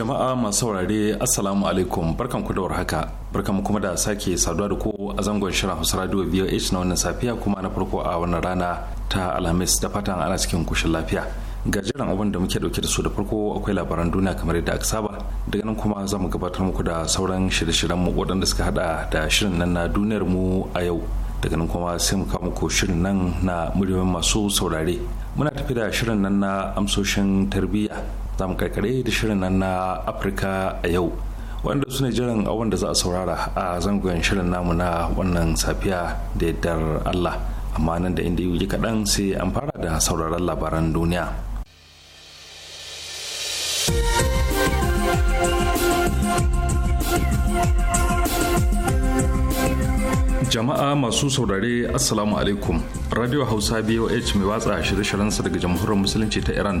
jama'a masu saurare assalamu alaikum barkan ku da warhaka barkan kuma da sake saduwa da ku a zangon shirin hausa radio voh na wannan safiya kuma na farko a wannan rana ta alhamis da fatan ana cikin kushin lafiya ga jiran abin da muke dauke da su da farko akwai labaran duniya kamar yadda aka saba daga nan kuma za gabatar muku da sauran shirye-shiryen mu waɗanda suka hada da shirin nan na duniyar mu a yau daga nan kuma sai mu kawo muku shirin nan na muryoyin masu saurare muna tafi da shirin nan na amsoshin tarbiyya za mu karkare da shirin nan na afirka a yau wanda su ne jiran awon da za a saurara a zangon shirin namu na wannan safiya da yaddar allah amma nan da inda yi kaɗan sai an fara da sauraron labaran duniya jama'a masu saurare assalamu alaikum radio hausa boh mai watsa shirye-shiryensa daga jamhuriyar musulunci ta iran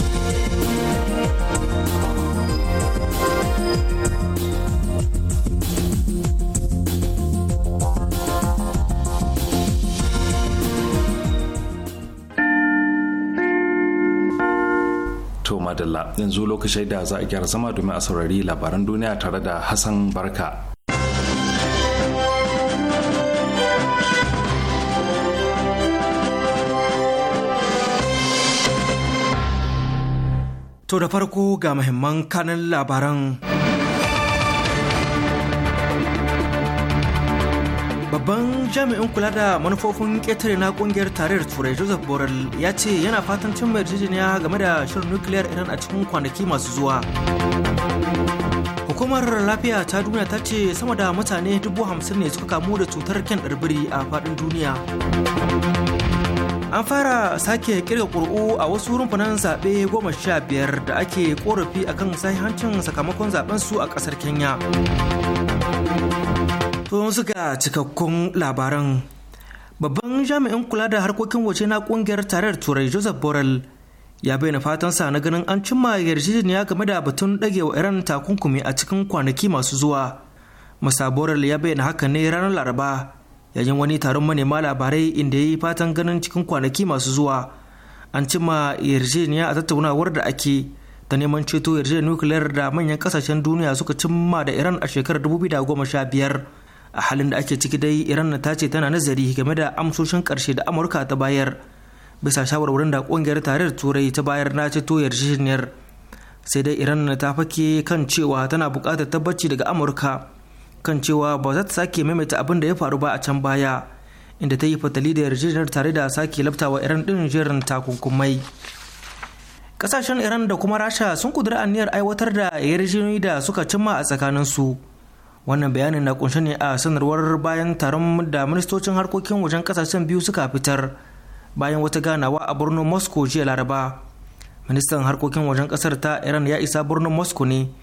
To madalla yanzu lokacin da za a gyara zama domin a saurari labaran duniya tare da Hassan Barka. To da farko ga muhimman kanan labaran. Babban jami'in kula da manufofin ƙetare na ƙungiyar tarayyar Turai Joseph Borrell ya ce yana fatan cin mai yarjejeniya game da shirin nukiliyar Iran a cikin kwanaki masu zuwa. Hukumar lafiya ta duniya ta ce sama da mutane dubu hamsin ne suka kamu da cutar kyan ɗarbiri a faɗin duniya. An fara sake kirga ƙuri'u a wasu rumfunan zaɓe goma sha biyar da ake ƙorafi akan sahihancin sakamakon zaɓen su a ƙasar Kenya. To yanzu ga cikakkun labaran. Babban jami'in kula da harkokin waje na kungiyar tarayyar Turai Joseph Borrell ya bayyana sa na ganin an cimma yarjejeniya game da batun dagewa Iran takunkumi a cikin kwanaki masu zuwa. Masa Borrell ya bayyana haka ne ranar Laraba yayin wani taron manema labarai inda ya yi fatan ganin cikin kwanaki masu zuwa an cimma yarjejeniya a tattaunawar da ake ta neman ceto yarjejeniyar nukiliyar da manyan kasashen duniya suka cimma da Iran a shekarar 2015. a halin da ake ciki dai iran ta ce tana nazari game da amsoshin karshe da amurka ta bayar bisa shawarwarin da kungiyar tarayyar turai ta bayar na ce to yarjejeniyar sai dai iran ta fake kan cewa tana bukatar tabbaci daga amurka kan cewa ba za ta sake maimaita abin da ya faru ba a can baya inda ta yi fatali da yarjejeniyar tare da sake laftawa iran din jerin takunkumai kasashen iran da kuma rasha sun kudura aniyar aiwatar da yarjejeniyar da suka cimma a tsakaninsu su wannan bayanin na kunshe ne a sanarwar bayan taron da ministocin harkokin wajen kasashen biyu suka fitar bayan wata ganawa a birnin moscow jiya laraba ministan harkokin wajen kasar ta iran ya isa birnin moscow ne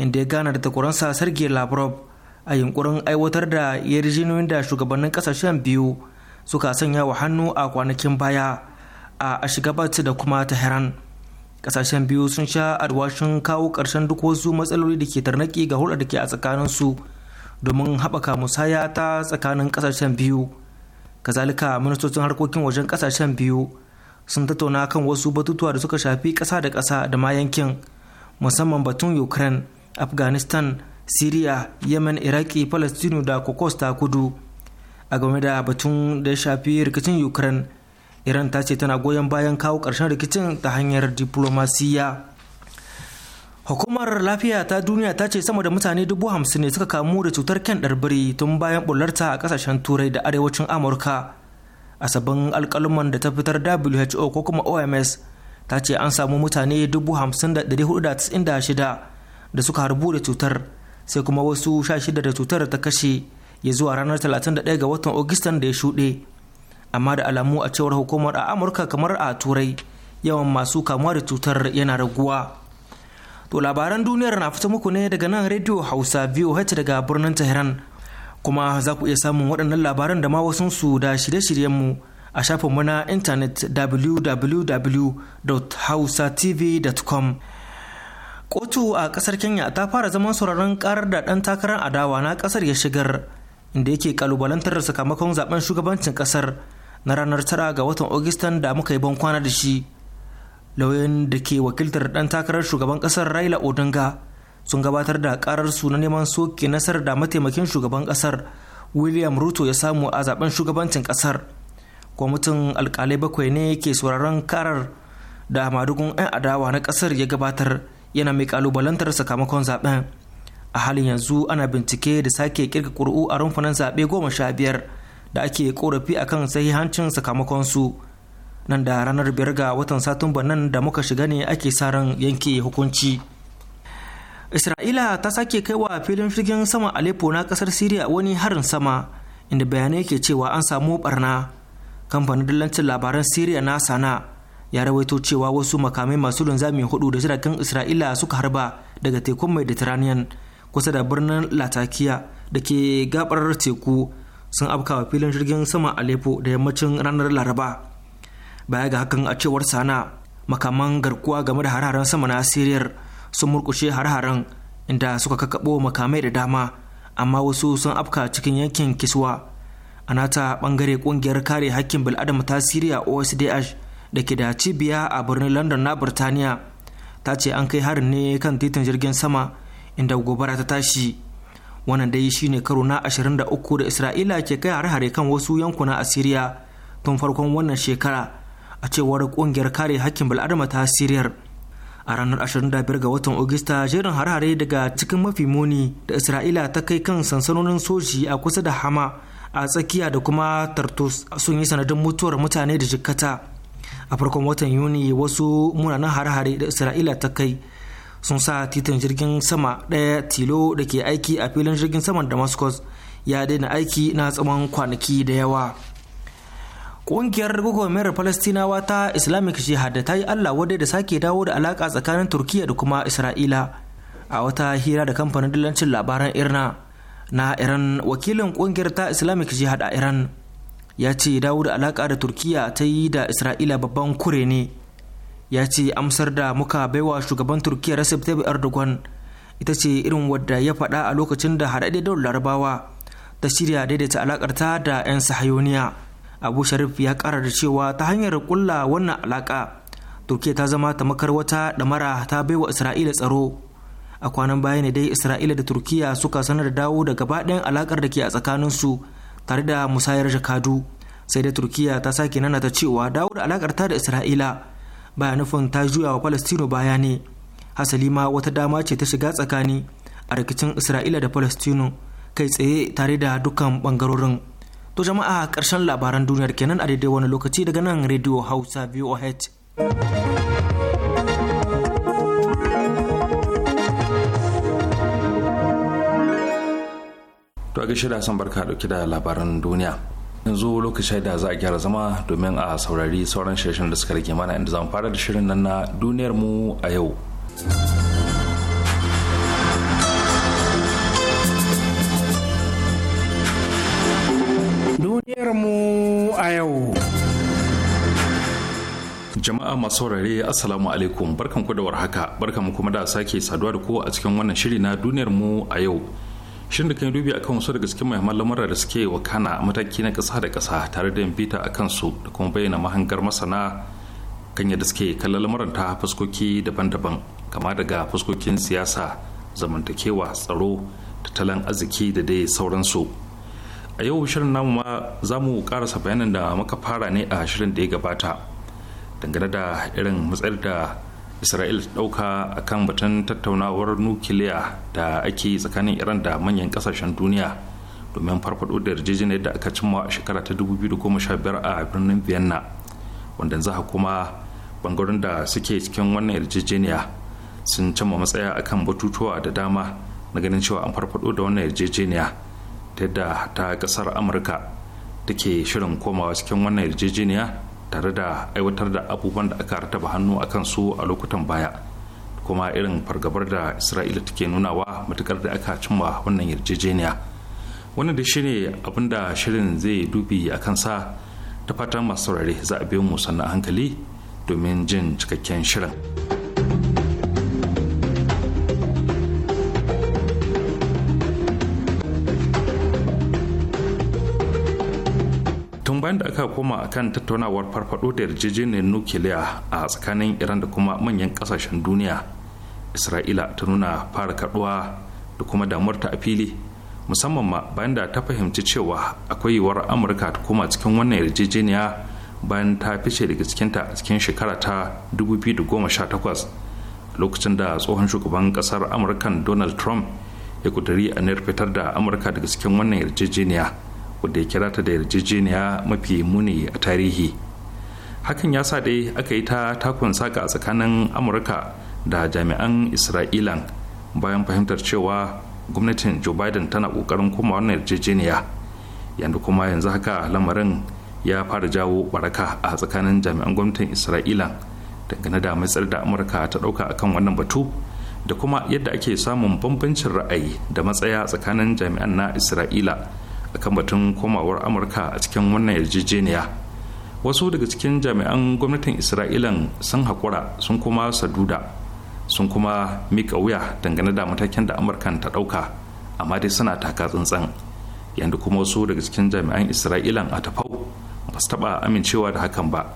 inda ya gana da takwaransa sergei lavrov a yunkurin aiwatar da yarjejeniyoyin da shugabannin kasashen biyu suka sanya wa hannu a kwanakin baya a ashgabat da kuma tehran kasashen biyu sun sha arwashin kawo ƙarshen duk wasu matsaloli da ke tarnaki ga hulɗar da ke a tsakaninsu domin haɓaka musaya ta tsakanin ƙasashen biyu kazalika ministocin harkokin wajen kasashen biyu sun tattauna kan wasu batutuwa da suka shafi ƙasa da ƙasa da ma yankin musamman batun ukraine afghanistan syria yemen iraki palestino da kokos ta kudu a game da batun da ya shafi rikicin ukraine iran ta ce tana goyon bayan kawo karshen rikicin ta hanyar diplomasiya hukumar lafiya ta duniya ta ce sama da mutane dubu hamsin ne suka kamu da cutar kyan ɗarbiri tun bayan bullarta a ƙasashen turai da arewacin amurka a sabbin alƙaluman da ta fitar who ko kuma oms ta ce an samu mutane dubu hamsin da da suka harbu da cutar sai kuma wasu sha shida da cutar ta kashe ya zuwa ranar 31 ga watan ogistan da ya shuɗe amma da alamu a cewar hukumar a amurka kamar a turai yawan masu kamuwa da cutar yana raguwa to labaran duniyar na fita muku ne daga nan radio hausa voh daga birnin tehran kuma za ku iya samun waɗannan labaran da ma su da shirye-shiryenmu a shafinmu na intanet www.hausatv.com kotu a ƙasar kenya ta fara zaman sauraron karar da ɗan takarar adawa na ƙasar ya shigar inda yake kalubalantar sakamakon zaben shugabancin ƙasar na ranar tara ga watan Augustan da muka yi ban kwana da shi. Lauyoyin da ke wakiltar ɗan takarar shugaban ƙasar Raila Odinga sun gabatar da karar su na neman soke nasar da mataimakin shugaban ƙasar William Ruto ya samu a zaben shugabancin ƙasar. Kwamitin alkalai bakwai ne ke sauraron karar da madugun 'yan adawa na ƙasar ya gabatar yana mai kalubalantar sakamakon zaben. a halin yanzu ana bincike da sake kirga ƙuri'u a rumfunan zaɓe goma sha biyar da ake korafi a akan sahihancin su nan da ranar biyar ga watan satumba nan da muka shiga ne ake sa ran yanke hukunci isra'ila ta sake kai wa filin jirgin sama aleppo na kasar syria wani harin sama inda bayanai ke cewa an samu barna kamfanin dillancin labaran syria na sana ya rawaito cewa wasu makamai masu linzami hudu da jiragen isra'ila suka harba daga tekun mediterranean kusa da birnin latakia da ke gabar teku sun wa filin jirgin sama Aleppo da yammacin ranar Laraba. Baya ga hakan a cewar sana makaman garkuwa game da hararen sama na Siriyar sun murkushe har-haren inda suka kakabo makamai da dama amma wasu sun afka cikin yankin Kiswa. anata bangare kungiyar kare hakkin bil'adama ta Siriya OSDH da ke da cibiya a birnin London na Birtaniya ta ce an kai harin ne kan titin jirgin sama inda gobara ta tashi wannan dai shi ne karo na 23 da isra'ila ke kai hare-hare kan wasu yankuna a siriya tun farkon wannan shekara a cewar kungiyar kare hakkin bil'adama ta siriyar a ranar 25 ga watan Agusta jerin hare-hare daga cikin mafi muni da isra'ila ta kai kan sansanonin soji a kusa da hama a tsakiya da kuma tartus sun yi sanadin mutuwar mutane da jikkata a farkon watan yuni wasu munanan hare-hare da isra'ila ta kai sun sa titin jirgin sama ɗaya tilo da ke aiki a filin jirgin saman damascus ya daina aiki na tsawon kwanaki da yawa ƙungiyar gwagwarmayar falastinawa ta islamic jihad ta yi allah wadai da sake dawo da alaka tsakanin turkiya da kuma isra'ila a wata hira da kamfanin dillancin labaran irna na iran wakilin ƙungiyar ta islamic jihad a iran ya ce dawo da alaka da turkiya ta yi da isra'ila babban kure ne ya ce amsar da muka baiwa shugaban turkiyya recep tayyip erdogan ita ce irin wadda ya faɗa a lokacin da haɗaɗe da larabawa ta shirya daidaita alakarta da 'yan sahayoniya abu sharif ya kara da cewa ta hanyar kulla wannan alaka turkiya ta zama tamakar wata da mara ta baiwa isra'ila tsaro a kwanan baya ne dai isra'ila da turkiyya suka sanar da dawo da gabaɗayan alakar da ke a tsakaninsu tare da musayar jakadu sai da turkiyya ta sake nana ta cewa dawo da alakarta da isra'ila baya nufin ta juya wa palestino baya ne hasali ma wata dama ce ta shiga tsakani a rikicin isra'ila da palestino kai tsaye tare da dukkan bangarorin to jama'a ƙarshen labaran duniyar kenan a daidai wani lokaci daga nan radio hausa voh to a gashi da son barka dauke da labaran duniya yanzu lokacin da za a gyara zama domin a saurari sauran shirin da suka rage mana inda zamu fara da shirin nan na duniyar mu a yau duniyar mu a yau jama'a masu saurare assalamu alaikum barkan ku da warhaka barkan kuma da sake saduwa da ku a cikin wannan shiri na duniyar mu a yau shirin da kan dubi akan wasu daga cikin muhimman lamura da suke wakana a mataki na kasa da kasa tare da bita a su da kuma bayyana mahangar masana kan yadda suke kallon lamuran ta fuskoki daban-daban kama daga fuskokin siyasa zamantakewa tsaro tattalin arziki da dai sauransu a yau shirin namu ma za mu karasa bayanan da muka fara ne a shirin da ya gabata dangane da irin matsayar da isra'il ɗauka a kan batun tattaunawar nukiliya da ake tsakanin iran da manyan kasashen duniya domin farfaɗo da yarjejeniyar da aka cimma a shekara ta 2015 a birnin vienna wanda za kuma bangaren da suke cikin wannan yarjejeniya sun cimma matsaya akan batutuwa da dama na ganin cewa an farfado da wannan yarjejeniya ta yadda ta kasar amurka take shirin komawa cikin wannan yarjejeniya tare da aiwatar da abubuwan da aka rataba hannu a kansu a lokutan baya kuma irin fargabar da isra'ila take nunawa matukar da aka cimma wannan yarjejeniya wannan da shine abin da shirin zai dubi a kansa ta fatan masu saurare za a biyo mu sannan hankali domin jin cikakken shirin. bayan da aka koma kan tattaunawar farfado da yarjejeniyar nukiliya a tsakanin iran da kuma manyan kasashen duniya isra'ila ta nuna fara kaduwa da kuma damuwarta a fili musamman ma bayan da ta fahimci cewa akwai yiwuwar amurka ta koma cikin wannan yarjejeniya bayan ta fice daga cikinta a cikin shekara ta 2018 lokacin da tsohon shugaban kasar amurkan donald trump ya kuduri a fitar da amurka daga cikin wannan yarjejeniya wadda ya kira ta da yarjejeniya mafi muni a tarihi hakan ya sa dai aka yi ta takun saka a tsakanin amurka da jami'an isra'ilan bayan fahimtar cewa gwamnatin joe biden tana kokarin koma wannan yarjejeniya yadda kuma yanzu haka lamarin ya fara jawo baraka a tsakanin jami'an gwamnatin isra'ilan dangane da matsar da amurka ta dauka akan wannan batu da kuma yadda ake samun bambancin ra'ayi da matsaya tsakanin jami'an na isra'ila akan batun komawar amurka a cikin wannan yarjejeniya wasu daga cikin jami'an gwamnatin isra'ilan sun haƙura sun kuma saduda sun kuma mika wuya dangane da matakin da amurkan ta ɗauka amma dai suna taka tsantsan yadda kuma wasu daga cikin jami'an isra'ilan a tafau ba su taɓa amincewa da hakan ba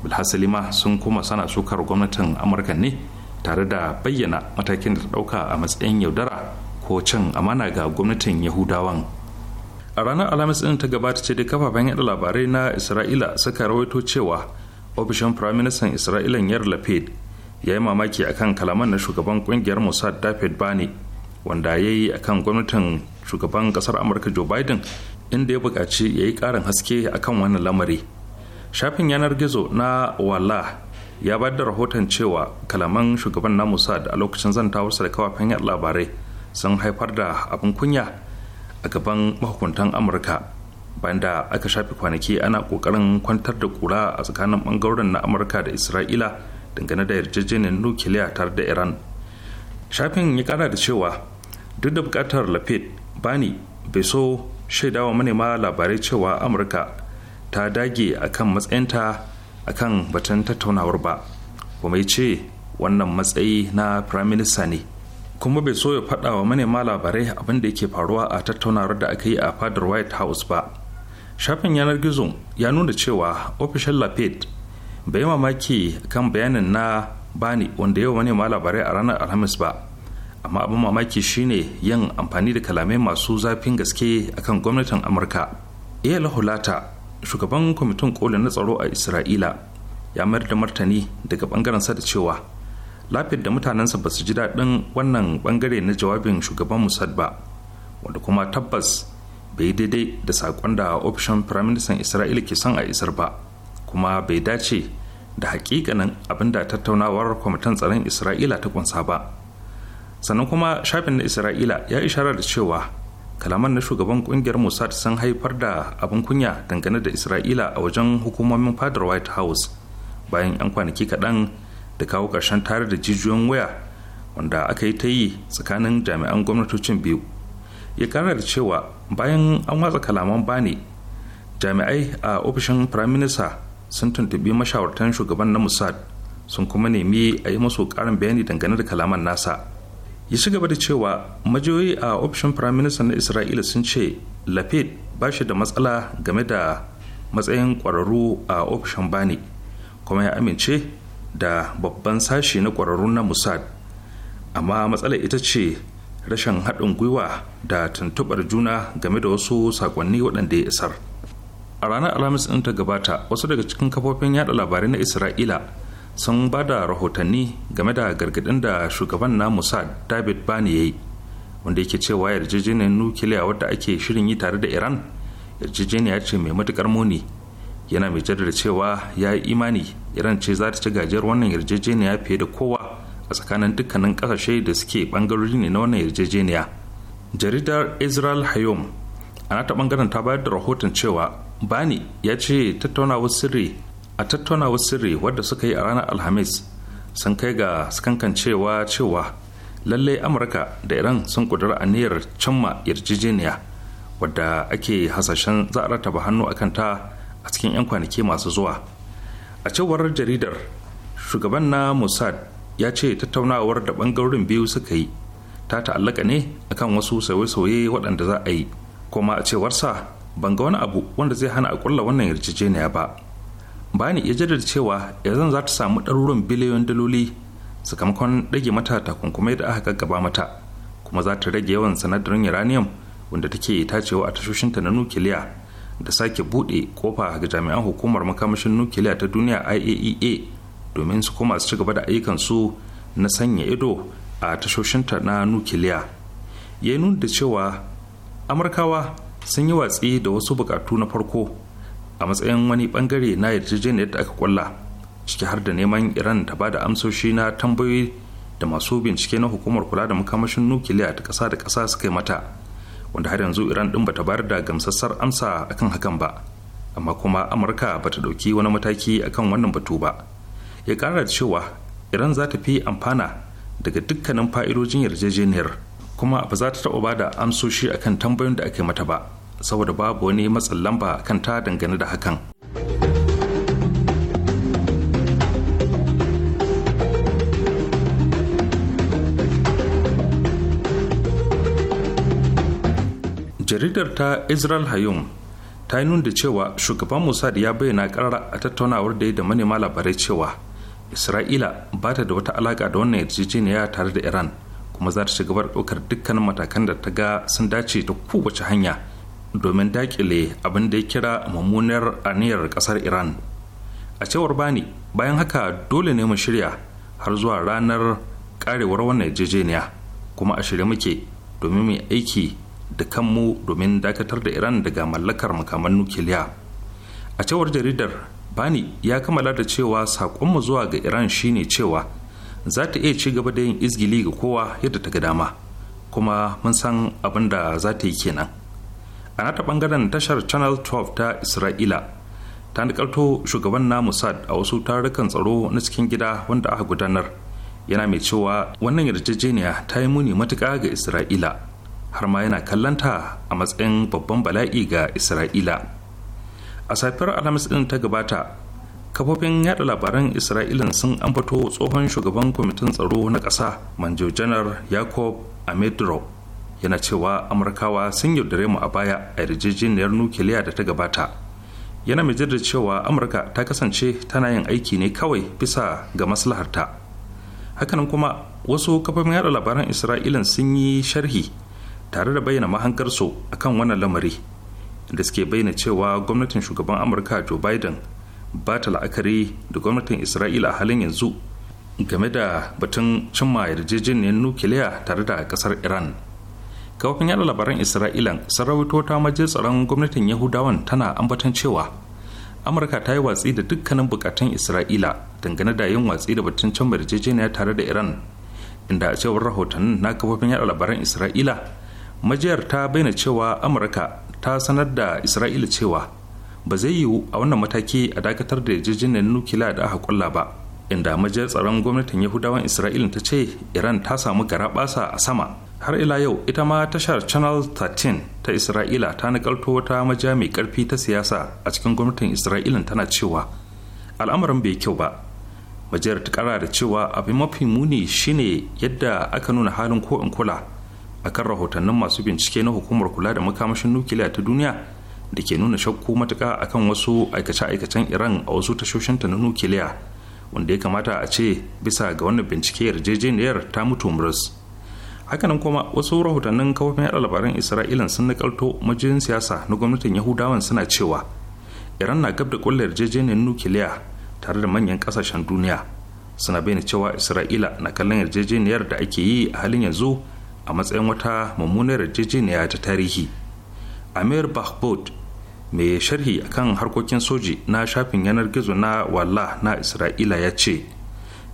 bilhassali ma sun kuma sana sukar gwamnatin amurka ne tare da bayyana matakin da ta ɗauka a matsayin yaudara ko cin amana ga gwamnatin yahudawan a ranar alhamis din ta gabata ce da kafafen yada labarai na isra'ila suka rawaito cewa ofishin firaministan isra'ila yar lapid ya yi mamaki akan kalaman na shugaban kungiyar mossad david bani wanda ya yi akan gwamnatin shugaban kasar amurka joe biden inda ya buƙaci ya yi ƙarin haske akan wannan lamari shafin yanar gizo na wala ya bada da rahoton cewa kalaman shugaban na mossad a lokacin zantawarsa da kafafen yada labarai sun haifar da abin kunya a gaban mahukuntan amurka bayan da aka shafe kwanaki ana kokarin kwantar da kura a tsakanin bangaren na amurka da isra'ila dangane da yarjejeniyar nukiliya tare da iran shafin ya kara da cewa duk da bukatar lafid bani bai so shaidawa manema labarai cewa amurka ta dage akan matsayinta akan batun tattaunawar ba kuma ya ce wannan matsayi na firaminista ne kuma bai so ya faɗa wa manema labarai abin da yake faruwa a tattaunawar da aka yi a fadar white house ba shafin yanar gizo ya nuna cewa ofishin lafayette bai yi mamaki kan bayanin na bani wanda yau manema labarai a ranar alhamis ba amma abin mamaki shine yin amfani da kalamai masu zafin gaske akan gwamnatin amurka iya lahulata shugaban kwamitin koli na tsaro a isra'ila ya mayar da martani daga bangaren sa da cewa lafiyar da mutanensa ba su ji daɗin wannan bangare na jawabin shugaban musad ba wanda kuma tabbas bai daidai da saƙon da ofishin firaministan isra'ila ke son a isar ba kuma bai dace da hakikanin abin da tattaunawar kwamitin tsaron isra'ila ta kunsa ba sannan kuma shafin na isra'ila ya ishara da cewa kalaman na shugaban kungiyar musad sun haifar da abin kunya dangane da isra'ila a wajen hukumomin fadar white house bayan 'yan kwanaki kaɗan da kawo ƙarshen tare da jijiyoyin waya wanda aka yi ta yi tsakanin jami'an gwamnatocin biyu ya kara da cewa bayan an watsa kalaman bani jami'ai a ofishin firaminista sun tuntubi mashawartan shugaban na musad sun kuma nemi a yi masu ƙarin bayani dangane da kalaman nasa ya ci gaba da cewa majiyoyi a ofishin firaminista na isra'ila sun ce lafid ba shi da matsala game da matsayin ƙwararru a ofishin bani kuma ya amince da babban sashi na ƙwararrun na musad amma matsalar ita ce rashin haɗin gwiwa da tuntuɓar juna game da wasu sakonni waɗanda ya isar a ranar alhamis ɗin ta gabata wasu daga cikin kafofin yada labarai na isra'ila sun ba da rahotanni game da gargaɗin da shugaban na musad david bani ya yi wanda yake cewa yarjejeniyar nukiliya wadda ake shirin yi tare da iran yarjejeniya ce mai matuƙar muni yana mai jaddada cewa ya yi imani iran ce za ta ci gajiyar wannan yarjejeniya fiye da kowa a tsakanin dukkanin kasashe da suke bangarori ne na wannan yarjejeniya jaridar israel hayom ana ta bangaren ta bayar da rahoton cewa bani ya ce tattaunawar sirri a tattaunawar sirri wadda suka yi a ranar alhamis sun kai ga skankan cewa cewa lallai amurka da iran sun kudura aniyar cimma yarjejeniya wadda ake hasashen za a rataba hannu akan ta a cikin 'yan kwanaki masu zuwa a cewar jaridar shugaban na mossad ya ce tattaunawar da bangarorin biyu suka yi ta ta'allaka ne akan wasu sauye-sauye waɗanda za a yi kuma a cewarsa ban ga wani abu wanda zai hana a kulla wannan yarjejeniya ba bani ya jaddada cewa yanzu za ta samu ɗaruruwan biliyon daloli sakamakon rage mata takunkumai da aka gaggaba mata kuma za ta rage yawan sanadarin uranium wanda take tacewa a tashoshinta na nukiliya da sake bude kofa ga jami'an hukumar makamashin nukiliya ta duniya iaea e domin su koma su ci gaba da su na sanya ido a tashoshinta na nukiliya ya yi nuna da cewa amurkawa sun yi watsi da wasu bukatu na farko a matsayin wani bangare na yarjejeniyar yadda aka kwalla ciki har da neman iran ta ba da amsoshi na tambayoyi da masu bincike na hukumar kula da makamashin nukiliya ta ƙasa da ƙasa suka yi mata wanda har yanzu iran din bata bayar da gamsassar amsa akan hakan ba amma kuma amurka bata ɗauki wani mataki akan wannan batu ba ya kara da cewa iran za ta fi amfana daga dukkanin fa'idojin yarjejeniyar kuma ba za ta taɓa ba da amsoshi akan tambayoyin da ake mata ba saboda babu wani matsin lamba kan ta dangane da hakan. jaridar ta israel hayum ta yi nuna cewa shugaban mossad ya bayyana karara a tattaunawar da ya da manema labarai cewa isra'ila ba ta da wata alaka da wannan yarjejeniya tare da iran kuma za ta ci gaba da ɗaukar dukkanin matakan da ta ga sun dace ta kowace hanya domin dakile abin da ya kira mummunar aniyar ƙasar iran a cewar bani bayan haka dole ne mu shirya har zuwa ranar karewar wannan yarjejeniya kuma a shirya muke domin mu aiki da kanmu domin dakatar da iran daga mallakar makaman nukiliya a cewar jaridar bani ya kammala da cewa saƙonmu zuwa ga iran shine cewa za ta iya ci gaba da yin izgili ga kowa yadda ta ga dama kuma mun san abin da za ta yi kenan a nata bangaren tashar channel 12 ta isra'ila ta nikarto shugaban namu sad a wasu tarukan tsaro na cikin gida wanda aka gudanar yana mai cewa wannan yarjejeniya ta yi muni matuƙa ga isra'ila har ma yana kallanta a matsayin babban bala'i ga isra'ila a safiyar alhamis din ta gabata kafofin yada labaran isra'ilan sun ambato tsohon shugaban kwamitin tsaro na ƙasa manjo janar yakob amedro yana cewa amurkawa sun yaudare mu a baya a yarjejeniyar nukiliya da ta gabata yana mai da cewa amurka ta kasance tana yin aiki ne kawai bisa ga maslaharta hakanan kuma wasu kafofin yada labaran isra'ilan sun yi sharhi tare da bayyana mahankarsu kan wannan lamari da suke bayyana cewa gwamnatin shugaban amurka joe biden ba ta la'akari da gwamnatin isra'ila a halin yanzu game da batun cimma yarjejeniyar nukiliya tare da kasar iran kafin yada labaran isra'ila sun rawaito ta maje tsaron gwamnatin yahudawan tana ambaton cewa amurka ta yi watsi da dukkanin bukatun isra'ila dangane da yin watsi da batun cimma yarjejeniya tare da iran inda a cewar rahotannin na kafofin yada labaran isra'ila majiyar ta bayyana cewa amurka ta sanar da isra'ila cewa ba zai yiwu a wannan mataki a dakatar da yarjejeniyar nukila da aka kulla ba inda majiyar tsaron gwamnatin yahudawan isra'ila ta ce iran ta samu garaɓasa a sama har ila yau ita ma tashar channel 13 ta isra'ila ta nakalto wata maja mai karfi ta siyasa a cikin gwamnatin isra'ila tana cewa al'amarin bai kyau ba majiyar ta kara da cewa abin mafi muni shine yadda aka nuna halin ko in kula akan rahotannin masu bincike na hukumar kula da makamashin nukiliya ta duniya da ke nuna shakku matuka akan wasu aikace-aikacen iran a wasu tashoshinta na nukiliya wanda ya kamata a ce bisa ga wannan bincike yarjejeniyar ta mutu murus hakanan kuma wasu rahotannin kafofin yaɗa labaran isra'ilan sun nakalto majiyin siyasa na gwamnatin yahudawan suna cewa iran na gab da kulla yarjejeniyar nukiliya tare da manyan kasashen duniya suna bayyana cewa isra'ila na kallon yarjejeniyar da ake yi a halin yanzu a matsayin wata mummunar yarjejeniya ta tarihi amir bahbod mai sharhi akan harkokin soji na shafin yanar gizo na walla na isra'ila ya ce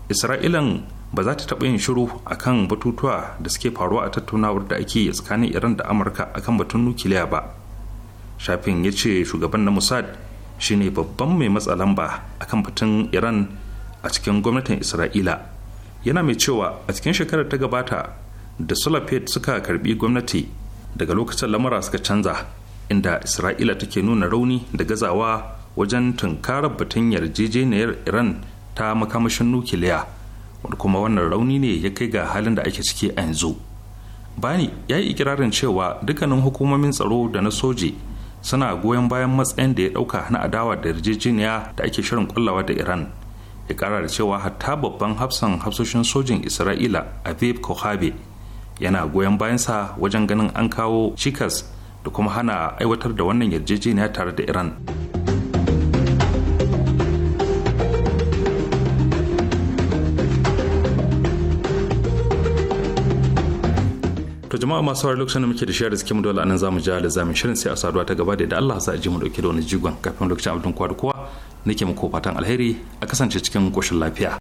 isra'ilan ba za ta taɓa yin shiru akan batutuwa da suke faruwa a tattaunawar da ake tsakanin iran da amurka akan batun nukiliya ba shafin ya ce shugaban na musad shine babban mai matsalamba akan batun iran a cikin gwamnatin isra'ila yana mai cewa a cikin shekarar ta gabata da sulafet suka karbi gwamnati daga lokacin lamura suka canza inda isra'ila take nuna rauni da gazawa wajen tunkarar batun yarjejeniyar iran ta makamashin nukiliya wanda kuma wannan rauni ne ya kai ga halin da ake ciki a yanzu bani ya yi ikirarin cewa dukkanin hukumomin tsaro da na soji suna goyon bayan matsayin da ya dauka na adawa da yarjejeniya da ake shirin kullawa da iran ya kara da cewa hatta babban hafsan hafsoshin sojin isra'ila aviv kohabe yana goyon bayansa wajen ganin an kawo cikas da kuma hana aiwatar da wannan yarjejeniya tare da iran to jama'a masu wari lokacin da muke da shiyar da suke dole anan zamu ji alizamin shirin sai a saduwa ta gaba da da Allah za a ji mu dauke da wani jigon kafin lokacin abdun kwa da kowa nake muku fatan alheri a kasance cikin koshin lafiya.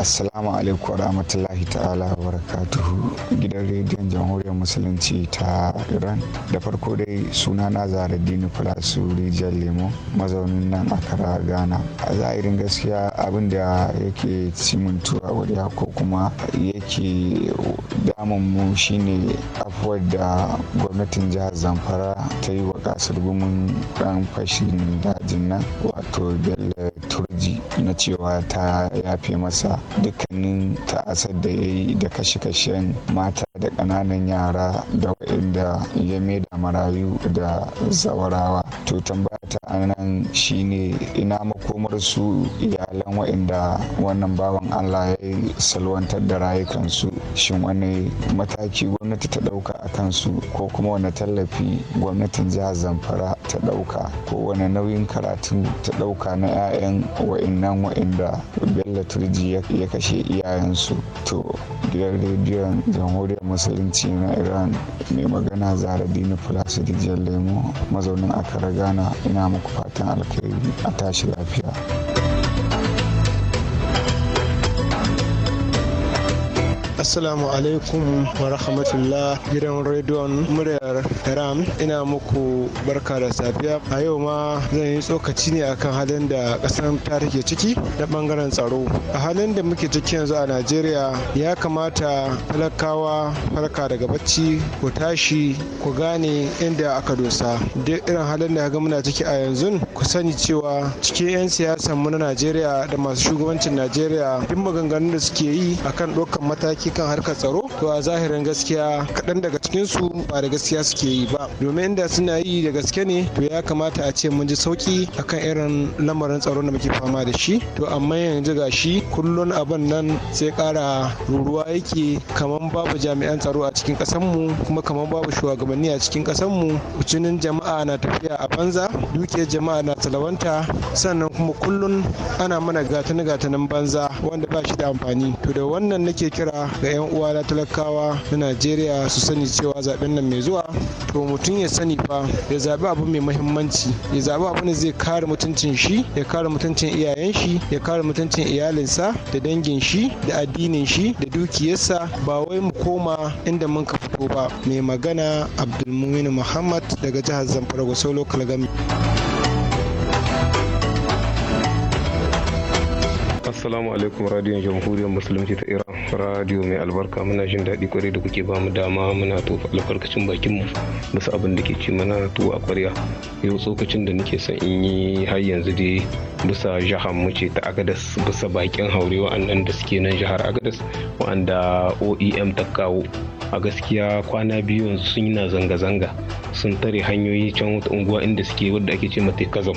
assalamu alaikum rahmatullahi ta'ala barakatuhu gidan rediyon jamhuriyar musulunci ta iran da farko dai suna na zaradini falasu rijiyar lemo mazaunin nan a kara ghana a zahirin gaskiya abin da yake cimintuwa wadda ko kuma yake damun mu shine afuwar da gwamnatin jihar zamfara ta yi wa kasar gumin ran fashin dajin nan wato bello turji na cewa ta yafe masa dukkanin ta'asar da ya yi da kashe-kashen mata da ƙananan yara da da ya maida marayu da zawarawa to tambaya ta anan shine ina makomar su iyalan waɗanda wannan bawan allah ya salwantar da rayukansu shin wani mataki gwamnati ta dauka a kansu ko kuma wani tallafi gwamnatin jihar zamfara ta dauka ko wani nauyin karatu ta dauka na 'ya'yan wa'innan wa'anda bello turji ya kashe iyayensu to gidan rediyon jamhuriyar musulunci na iran mai magana zara dini fulasi rijiyar lemo mazaunin akara ghana ina muku fatan alkhairi a tashi lafiya Assalamu alaikum wa rahmatullah gidan rediyon muryar Iram ina muku barka da safiya. A yau ma zan yi tsokaci ne akan halin da kasan ta take ciki na bangaren tsaro. A halin da muke ciki yanzu a Najeriya ya kamata talakawa farka daga bacci ku tashi ku gane inda aka dosa. Duk irin halin da ga muna ciki a yanzu ku sani cewa cikin 'yan siyasan mu na Najeriya da masu shugabancin Najeriya duk maganganun da suke yi akan ɗaukan mataki aiki kan harkar tsaro to a zahirin gaskiya kaɗan daga cikin su ba da gaskiya suke yi ba domin inda suna yi da gaske ne to ya kamata a ce mun ji sauki akan irin lamarin tsaro da muke fama da shi to amma yanzu ga shi kullun abin nan sai ƙara ruruwa yake kamar babu jami'an tsaro a cikin mu kuma kamar babu shugabanni a cikin mu jinin jama'a na tafiya a banza dukiyar jama'a na talawanta sannan kuma kullun ana mana gatanin gatanin banza wanda ba shi da amfani to da wannan nake kira ga 'yan uwa na talakawa na najeriya su sani cewa zaben nan mai zuwa to mutum ya sani fa ya zaɓi abu mai muhimmanci ya zaɓi abu ne zai kare mutuncin shi ya kare mutuncin iyayen shi ya kare mutuncin iyalinsa da dangin shi da addinin shi da dukiyarsa ba wai mu koma inda mun ka fito ba mai magana abdulmumin muhammad daga jihar zamfara gusau local Assalamu alaikum radiyon jamhuriyar musulunci ta Iran. Radiyo mai albarka muna jin daɗi kwarai da kuke bamu dama muna tofa albarkacin bakin mu bisa abin da ke ci mana tuwa a kwarya. Yau tsokacin da nake son in yi har yanzu dai bisa jihar mu ta Agadas bisa bakin haure wa'annan da suke nan jihar Agadas wa'anda OEM ta kawo. a gaskiya kwana biyu yanzu sun yi na zanga-zanga sun tare hanyoyi can wata unguwa inda suke wadda ake ce mata kazam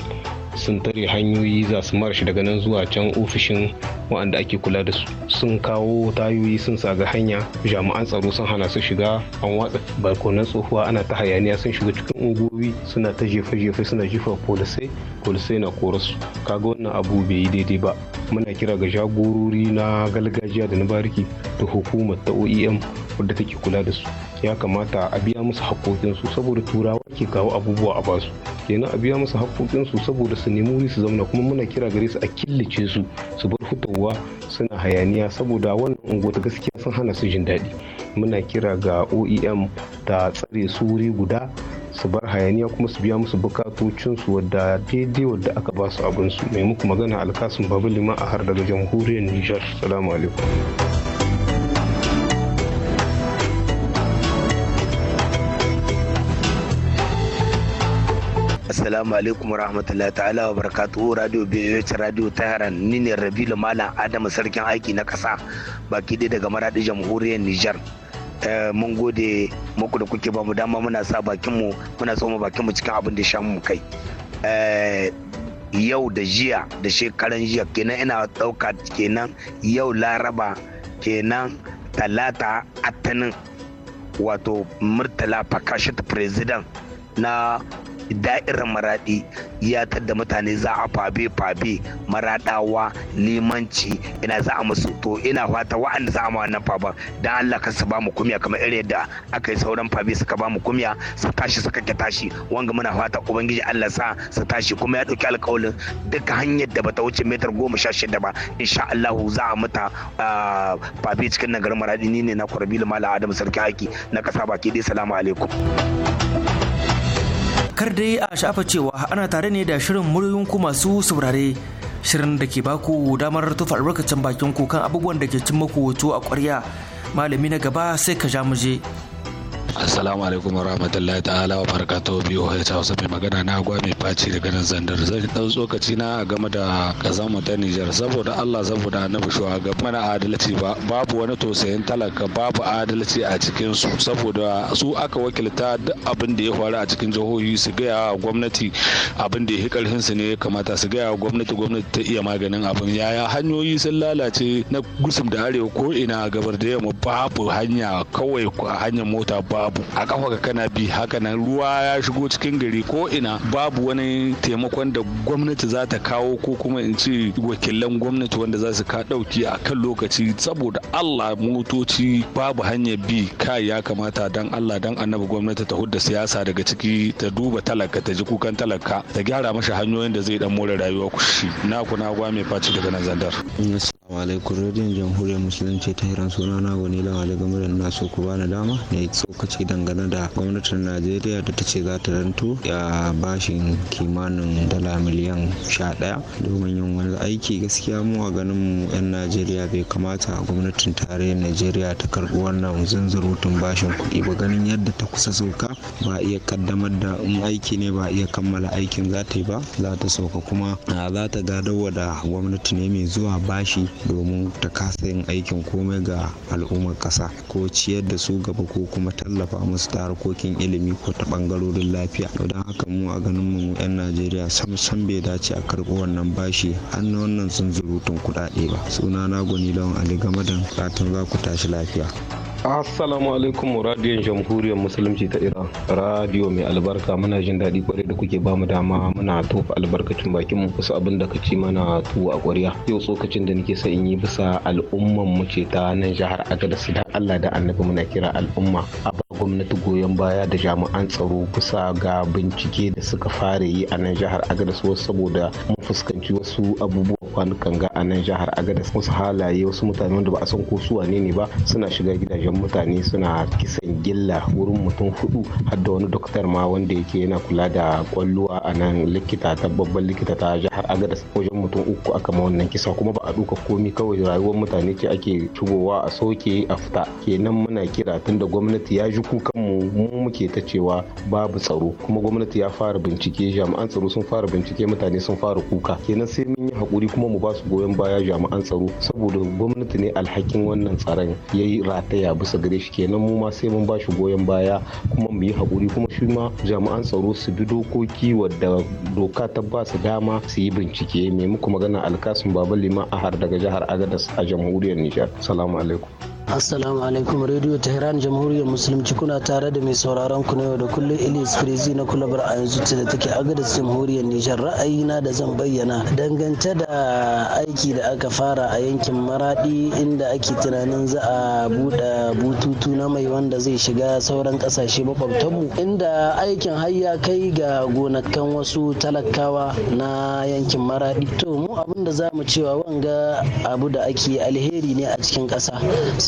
sun tare hanyoyi za su marshi daga nan zuwa can ofishin waɗanda ake kula da su sun kawo tayoyi sun saga hanya jami'an tsaro sun hana su shiga an watsa balkonan tsohuwa ana ta hayaniya sun shiga cikin unguwoyi suna ta jefa jefa suna jifa polisai polisai na korasu kaga wannan abu bai yi daidai ba muna kira ga jagorori na galgajiya da na bariki da hukumar ta oem wadda take kula da su ya kamata a biya musu haƙoƙinsu saboda turawa ke kawo abubuwa a basu kenan a biya musu haƙoƙinsu saboda su nemi wuri su zauna kuma muna kira gare su a killace su su bar fitowa suna hayaniya saboda wannan unguwa gaskiya sun hana su jin daɗi muna kira ga oem ta tsare su wuri guda su bar hayaniya kuma su biya musu bukatocinsu wadda daidai wadda aka ba su abinsu mai muku magana alkasun babu lima a har daga jamhuriyar nijar salamu alaikum Assalamu alaikum wa rahmatullahi ta'ala wa barakatuhu Radio BH Radio Tehran ni ne Rabi Malam Adamu sarkin aiki na kasa baki dai daga maradi jamhuriyar Nijar. Eh, mun gode muku da kuke ba mu dama muna sa bakin mu muna tsoma bakin mu cikin abin da mu kai eh, yau da jiya da shekaran jiya kenan ina ɗauka kenan yau laraba kenan talata atanin wato murtala fakashit president na da'irar maraɗi ya da mutane za a fabe-fabe maraɗawa limanci ina za a musu to ina fata wa'anda za a ma wannan faban don Allah ka su ba mu kumya kamar irin yadda aka yi sauran fabe suka ba mu kumya su tashi suka ke tashi wanga muna fata ubangiji Allah sa su tashi kuma ya ɗauki alƙawalin duka hanyar da bata wuce metar goma sha shida ba insha Allah za a mata fabe cikin nan garin maraɗi ni ne na kwarbi Malam adam sarki haki na kasa baki dai salamu alaikum. kar dai a sha'afa cewa ana tare ne da shirin muryoyin masu saurare shirin da ke baku damar tufa albarkacin bakin ku kan abubuwan da ke cin maku wato a ƙwarya malami na gaba sai ka ja muje. assalamu alaikum warahmatullahi ta'ala wa barakatuhu biyu ta hausa mai magana na agwa mai faci daga nan zandar zan dau tsokaci na a game da kasan mu ta Nijar saboda Allah saboda annabi shuwa mana adalci ba babu wani tausayin talaka babu adalci a cikin su saboda su aka wakilta duk abin da ya faru a cikin jihohi su ya gwamnati abin da ya karfin su ne kamata su gaya gwamnati gwamnati ta iya maganin abin yaya hanyoyi sun lalace na gusum da arewa ko ina gabar da yamma babu hanya kawai a hanyar mota ba babu a kafa kana bi haka nan ruwa ya shigo cikin gari ko ina babu wani taimakon da gwamnati za ta kawo ko kuma in ce wakilan gwamnati wanda za su ka dauki a kan lokaci saboda Allah motoci babu hanyar bi kai ya kamata dan Allah dan annabi gwamnati ta hudda siyasa daga ciki ta duba talaka ta ji kukan talaka ta gyara mashi hanyoyin da zai dan more rayuwa kushi na kuna gwa mai faci daga nan zandar alaikum radiyon jamhuriyar musulunci ta hiran suna na wani game da na nasu ku ni dama ne tsokaci dangane da gwamnatin najeriya da ta ce za ta ranto ya bashin kimanin dala miliyan sha ɗaya domin yin wani aiki gaskiya mu a ganin mu yan najeriya bai kamata a gwamnatin tarayyar najeriya ta karɓi wannan zunzurutun bashin kuɗi ba ganin yadda ta kusa sauka ba iya kaddamar da in aiki ne ba iya kammala aikin za ta yi ba za ta sauka kuma za ta gadawa da gwamnati ne mai zuwa bashi domin ta kasa yin aikin komai ga al'ummar ƙasa ko ciyar da su gaba ko kuma tallafa musu ta harkokin ilimi ko ta ɓangarorin lafiya don haka mu a ganin mu 'yan najeriya sam sam bai dace a karɓi wannan bashi har na wannan sun zurutun kuɗaɗe ba sunana gwani lawan ali gamadan fatan za ku tashi lafiya Assalamu alaikum radiyon jamhuriyar musulunci ta Iran. Radiyo mai albarka muna jin daɗi kwarai da kuke bamu dama muna tofa albarkacin bakin mu kusa abin da kace mana tuwo a ƙwariya Yau tsokacin da nake sa in yi bisa al'umman mu ce ta nan jihar Agadez da allah da annabi muna kira al'umma a ba gwamnati goyon baya da jami'an tsaro kusa ga bincike da suka fara yi a nan jihar agadas wasu saboda mun fuskanci wasu abubuwa kwanukan ga a nan jihar agadas wasu halaye wasu mutane wanda ba a san ko su wane ne ba suna shiga gidajen mutane suna kisan gilla wurin mutum hudu har da wani doktor ma wanda yake yana kula da kwalluwa a nan likita ta babban likita ta jihar agadas wajen mutum uku aka ma wannan kisa kuma ba a duka komi kawai rayuwar mutane ce ake shigowa a soke a fita kenan muna kira tun da gwamnati ya ji kukanmu mu muke ta cewa babu tsaro kuma gwamnati ya fara bincike jami'an tsaro sun fara bincike mutane sun fara kuka kenan sai mun yi hakuri kuma mu ba su goyon baya jami'an tsaro saboda gwamnati ne alhakin wannan tsaron ya yi rataya bisa gare shi kenan mu ma sai mun ba shi goyon baya kuma mu yi hakuri kuma shi ma jami'an tsaro su bi dokoki wadda doka ta ba su dama su yi bincike mai muku magana alkasun baba lima har daga jihar agadas a jamhuriyar nijar salamu alaikum Assalamu alaikum Radio Tehran Jamhuriyar Musulunci kuna tare da mai sauraron ku na yau da kullum Ilyas Frizi na kulabar a yanzu da take agadis Jamhuriyar Nijar ra'ayina da zan bayyana dangance da aiki da aka fara a yankin Maradi inda ake tunanin za a buɗe bututu na mai wanda zai shiga sauran ƙasashe mu inda aikin har kai ga gonakan wasu talakawa na yankin Maradi to mu abin da za mu cewa wanga abu da ake alheri ne a cikin ƙasa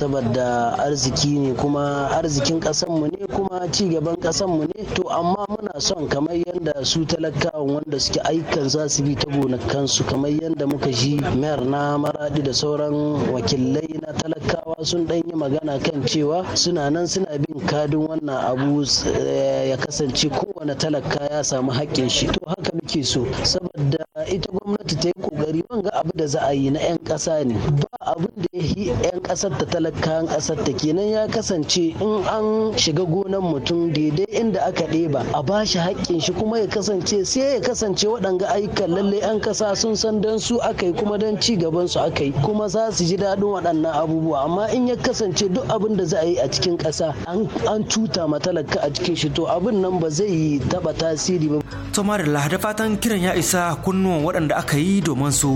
saboda arziki ne kuma arzikin mu ne kuma ci gaban mu ne to amma muna son kamar yadda su talakawan wanda suke aikan za su bi ta gonakansu kamar yadda muka ji mayar na maradi da sauran wakilai na talakawa sun ɗan yi magana kan cewa suna nan suna bin kadin wannan abu eh, ya kasance kowane talaka ya samu haƙƙin shi to haka muke so saboda ita gwamnati ta yi ƙoƙari wanga abu da za a yi na 'yan ƙasa ne ba abin da ya yi 'yan ƙasar ta talaka kayan ƙasar ta kenan ya kasance in an shiga gonan mutum daidai inda aka ɗeba a ba shi haƙƙin shi kuma ya kasance sai ya kasance waɗanga ayyukan lallai an kasa sun san don su aka yi kuma don ci gaban su aka yi kuma za su ji daɗin waɗannan abubuwa amma in ya kasance duk abin da za a yi a cikin ƙasa an cuta talaka a cikin shi to abin nan ba zai yi taɓa tasiri ba. to marilla da fatan kiran ya isa kunnuwan waɗanda aka yi domin su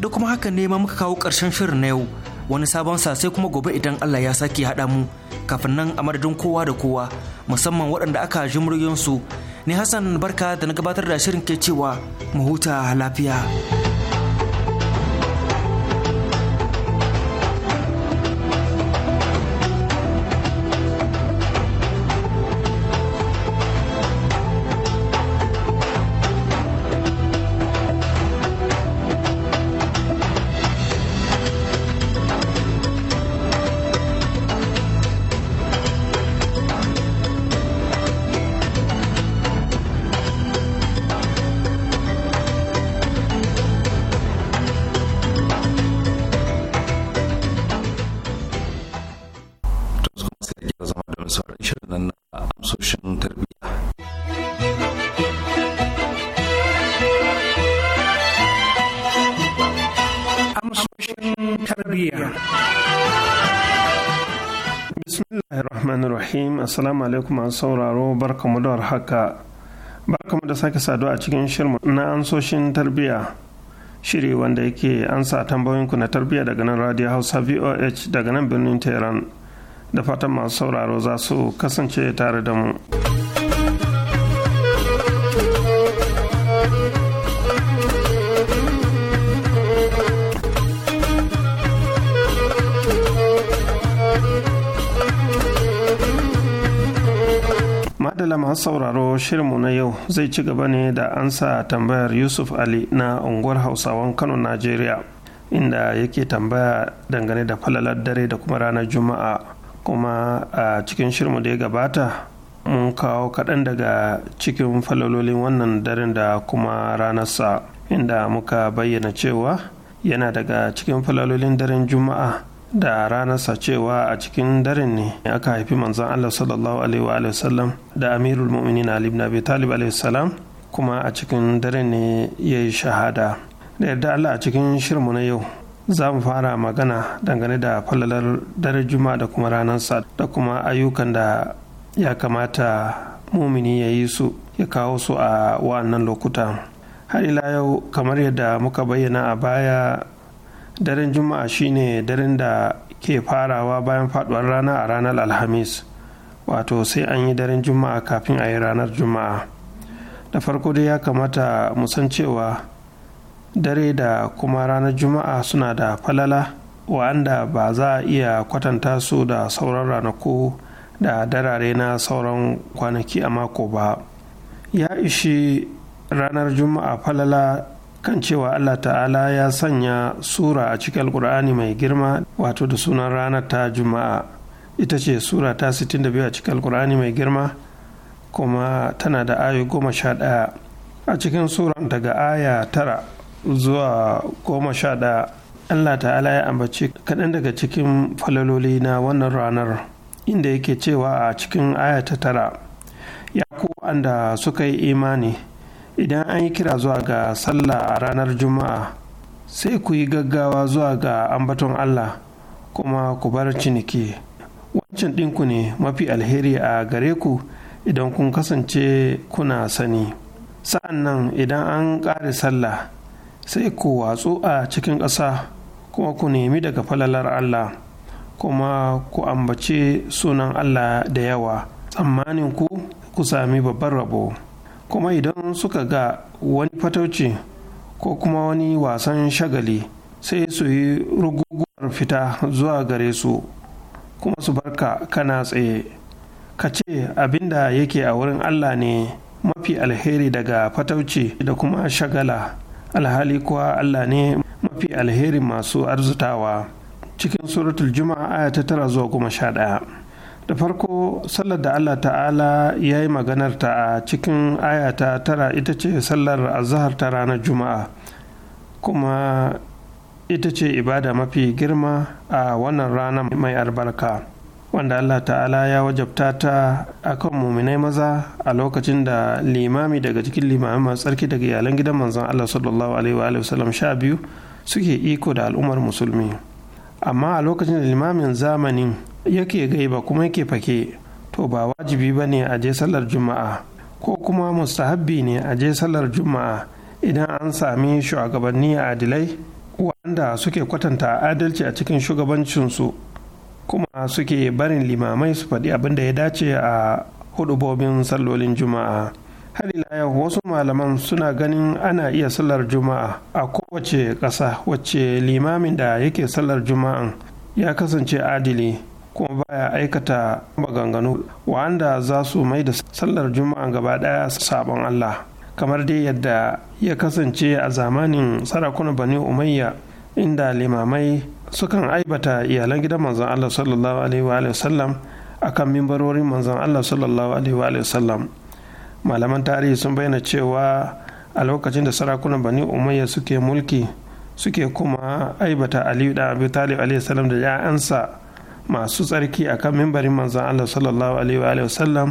da kuma haka ne ma muka kawo ƙarshen shirin na yau wani sabon sa sai kuma gobe idan Allah ya sake haɗa mu kafin nan a madadin kowa da kowa musamman waɗanda aka ji muryoyinsu ni Hassan barka da na gabatar da shirin ke cewa mu huta lafiya. assalamu alaikum an sauraro barkamu da haka barkamu da sake saduwa a cikin shirin na ansoshin tarbiyya shiri wanda yake ansa tambayoyinku na tarbiyya daga nan radio hausa voh daga nan birnin tehran da fatan masu sauraro za su kasance tare da mu. masu sauraro shirinmu na yau zai ci gaba ne da ansa tambayar Yusuf Ali na unguwar Hausawan Kano, Najeriya, inda yake tambaya dangane da falalar dare da kuma ranar Juma'a. Kuma a cikin shirinmu da ya gabata mun kawo kaɗan daga cikin falalolin wannan daren da kuma ranarsa, inda muka bayyana cewa yana daga cikin falalolin daren Juma'a da ranarsa cewa a cikin daren ne aka haifi manzon Allah sallallahu alaihi wa sallam da Amirul Mu'minin Ali ibn Abi Talib alaihi salam kuma a cikin daren ne ya yi shahada da yadda Allah a cikin shirmu na yau za mu fara magana dangane da falalar dare juma da kuma ranarsa da kuma ayyukan da ya kamata mumini ya yi su ya kawo su a wa'annan lokuta har ila yau kamar yadda muka bayyana a baya daren juma'a shine daren da ke farawa bayan faduwar rana a ranar alhamis wato sai an yi daren juma'a kafin a yi ranar juma'a da farko dai ya kamata mu san cewa dare da kuma ranar juma'a suna da falala wa'anda ba za a iya kwatanta su da sauran ranaku da darare na sauran kwanaki a mako ba ya ishi ranar juma'a falala kan cewa Allah ta'ala ya sanya sura a cikin alkur'ani mai girma wato da sunan ranar ta juma'a ita ce sura ta 62 a cikin alkur'ani mai girma kuma tana da ayu goma sha ɗaya a cikin suran daga aya tara zuwa goma sha ɗaya Allah ta'ala ya ambaci kaɗan daga cikin falaloli na wannan ranar inda yake cewa a cikin aya ta tara ya ku anda suka yi imani idan an yi kira zuwa ga sallah a ranar juma'a sai ku yi gaggawa zuwa ga ambaton allah kuma ku bar ciniki wancan ɗinku ne mafi alheri a gare ku idan kun kasance kuna sani sa'an nan idan an ƙare sallah sai ku watsu a cikin ƙasa kuma ku nemi daga falalar allah kuma ku ambace sunan allah da yawa tsammanin ku ku sami babban rabo. kuma idan suka ga wani fatauci ko kuma wani wasan shagali sai su yi ruguguwar fita zuwa gare su kuma su barka kana tsaye ka ce abinda yake a wurin allah ne mafi alheri daga fatauci da kuma shagala alhali kuwa allah ne mafi alheri masu arzutawa cikin suratul juma'a ta tara zuwa goma sha ɗaya da farko sallar da allah ta'ala ya yi maganar ta a cikin ayata tara ita ce sallar azahar ta ranar juma'a kuma ita ce ibada mafi girma a wannan ranar mai albarka wanda allah ta'ala ya wajabta ta a kan muminai maza a lokacin da limami daga cikin limami masu tsarki daga iyalan gidan manzon allah sallallahu alaihi wa sha biyu suke iko da al'ummar musulmi amma a lokacin da limamin zamanin yake gaiba kuma yake fake to ba wajibi ba ne a je sallar juma'a ko kuma mustahabbi ne a je sallar juma'a idan an sami shugabanni a adilai wanda suke kwatanta adalci a cikin shugabancinsu kuma suke barin limamai su faɗi abin da ya dace a hudubobin sallolin juma'a har ila yau wasu malaman suna ganin ana iya sallar juma'a a kowace ƙasa wacce limamin da yake sallar juma'an ya kasance adili kuma baya aikata maganganu wanda za su mai da sallar juma'a gaba ɗaya sabon Allah kamar dai yadda ya kasance a zamanin sarakunan bani umayya inda limamai sukan aibata iyalan gidan manzon Allah sallallahu alaihi wa sallam akan mimbarorin manzon Allah sallallahu alaihi wa sallam malaman tarihi sun bayyana cewa a lokacin da sarakunan bani umayya suke mulki suke kuma aibata aliyu da abu talib alaihi salam da ya'ansa masu tsarki a kan mimbarin manzan Allah sallallahu alaihi wa sallam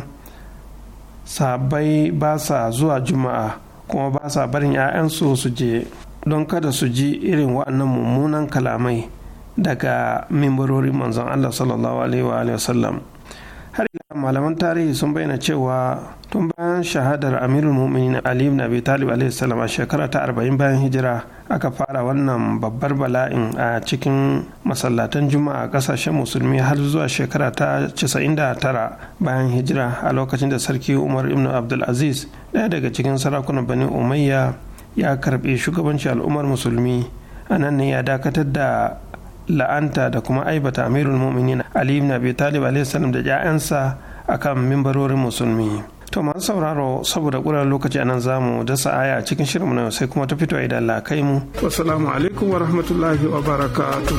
sabai ba sa zuwa juma'a kuma ba sa barin 'ya'yansu su je don kada su ji irin wa'annan mummunan kalamai daga mimbarorin manzan Allah sallallahu alaihi wa sallam har ila malaman tarihi sun bayyana cewa tun bayan shahadar amirul mu'minin ali ibn abi talib alayhi salam a shekara ta 40 bayan hijira aka fara wannan babbar bala'in a cikin masallatan juma'a kasashen musulmi har zuwa shekara ta 99 bayan hijira a lokacin da sarki umar ibn abdul aziz daya daga cikin sarakunan bani umayya ya karbe shugabanci al'ummar musulmi a nan ne ya dakatar da la'anta da kuma aibata amirul mu'minin ali ibn abi talib alaihi da 'ya'yansa akan mimbarorin musulmi To masu sauraro saboda ƙuran lokaci anan zamu dasa aya a cikin shirin na sai kuma ta fito idan la kai mu. assalamu alaikum wa rahmatullahi wa barakatuh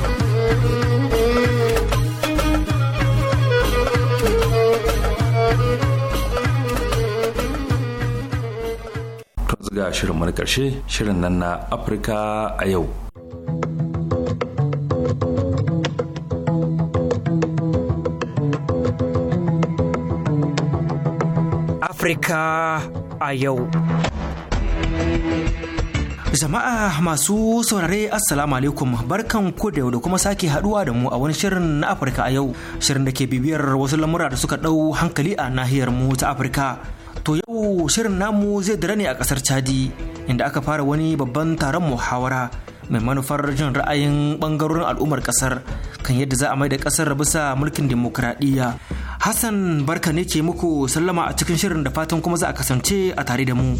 ga shirin mun karshe shirin nan na Afirka a yau. Afirka a yau. Jama'a masu saurare Assalamu alaikum barkan ku da yau da kuma sake haduwa da mu a wani shirin na Afirka a yau shirin da ke bibiyar wasu lamura da suka ɗau hankali a nahiyar mu ta Afirka. To yau shirin namu zai dira ne a ƙasar Chadi inda aka fara wani babban taron muhawara mai manufar jin ra'ayin bangarorin al'ummar kasar kan yadda za a mai da kasar bisa mulkin demokradiyya hassan barka ne ke muku sallama a cikin shirin da fatan kuma za a kasance a tare da mu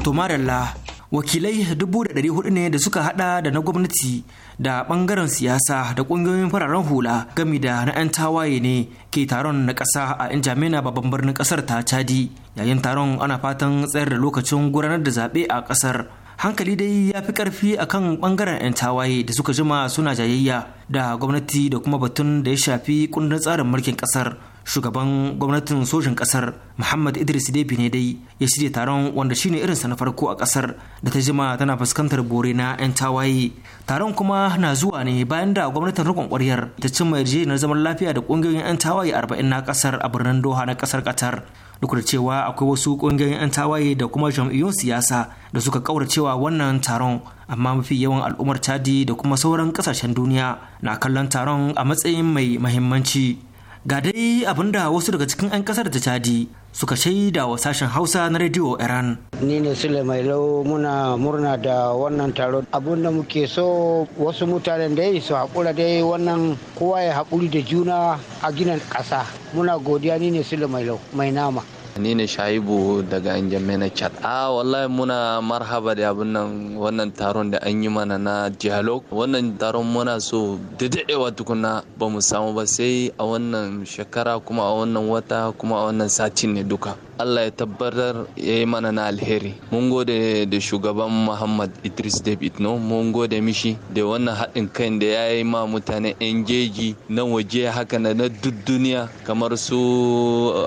to maralla wakilai dubu da hudu ne da suka hada da na gwamnati da bangaren siyasa da kungiyoyin fararen hula gami da na 'yan tawaye ne ke taron na ƙasa a jamina babban birnin ƙasar ta Chadi yayin taron ana fatan tsayar da lokacin gudanar da zaɓe a ƙasar hankali dai ya fi ƙarfi akan ɓangaren 'yan tawaye da suka jima suna jayayya da gwamnati da kuma batun da ya shafi kundin tsarin mulkin ƙasar shugaban gwamnatin sojin kasar muhammad idris debi ne dai ya shirya taron wanda shine irinsa na farko a kasar da ta jima tana fuskantar bore na 'yan tawaye taron kuma na zuwa ne bayan da gwamnatin rikon kwaryar ta cimma yarjejeniyar zaman lafiya da kungiyoyin 'yan tawaye arba'in na kasar a birnin doha na kasar qatar duk da cewa akwai wasu kungiyoyin 'yan tawaye da kuma jam'iyyun siyasa da suka cewa wannan taron amma mafi yawan al'ummar chadi da kuma sauran kasashen duniya na kallon taron a matsayin mai mahimmanci Ga dai abin da wasu daga cikin 'yan kasar ta Chadi suka shaida wa sashen Hausa na rediyo Iran. Ni ne Sule Mai Lau muna murna da wannan taro. Abin da muke so wasu mutanen da su haƙura dai wannan kowa ya haƙuri da juna a ginin ƙasa. Muna godiya ni ne Sule Mai Lau mai nama. ni ne shaibu daga na chat a ah, wallahi muna marhaba da abin nan wannan taron da an yi mana na dialog wannan taron muna so da wa tukuna ba mu samu ba sai a wannan shekara kuma a wannan wata kuma a wannan satin ne duka Allah ya tabbatar ya yi mana na alheri. Mun gode da shugaban Muhammad Idris David no, mun gode mishi da wannan haɗin kai da ya yi ma mutane 'yan jeji na waje haka na duk duniya kamar su